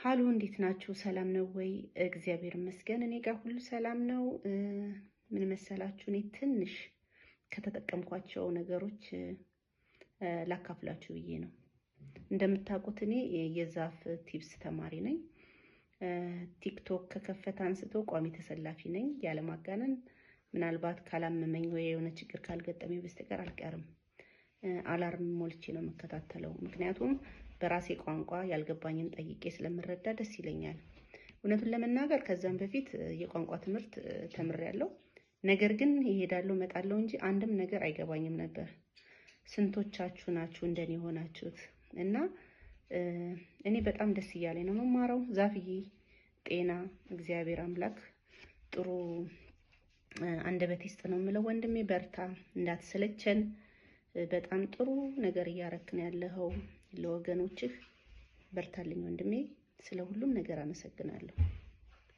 ሀሎ እንዴት ናችሁ? ሰላም ነው ወይ? እግዚአብሔር ይመስገን እኔ ጋር ሁሉ ሰላም ነው። ምን መሰላችሁ፣ እኔ ትንሽ ከተጠቀምኳቸው ነገሮች ላካፍላችሁ ብዬ ነው። እንደምታውቁት እኔ የዛፍ ቲፕስ ተማሪ ነኝ። ቲክቶክ ከከፈተ አንስቶ ቋሚ ተሰላፊ ነኝ። ያለማጋነን ምናልባት ካላመመኝ ወይ የሆነ ችግር ካልገጠመኝ በስተቀር አልቀርም። አላርም ሞልቼ ነው የምከታተለው። ምክንያቱም በራሴ ቋንቋ ያልገባኝን ጠይቄ ስለምረዳ ደስ ይለኛል። እውነቱን ለመናገር ከዛም በፊት የቋንቋ ትምህርት ተምሬያለሁ። ነገር ግን ይሄዳለሁ መጣለው እንጂ አንድም ነገር አይገባኝም ነበር። ስንቶቻችሁ ናችሁ እንደኔ የሆናችሁት? እና እኔ በጣም ደስ እያለኝ ነው መማረው። ዛፍዬ ጤና እግዚአብሔር አምላክ ጥሩ አንደበት ይስጥ ነው የምለው። ወንድሜ በርታ፣ እንዳትሰለቸን በጣም ጥሩ ነገር እያረክን ያለኸው ለወገኖችህ በርታልኝ ወንድሜ። ስለ ሁሉም ነገር አመሰግናለሁ።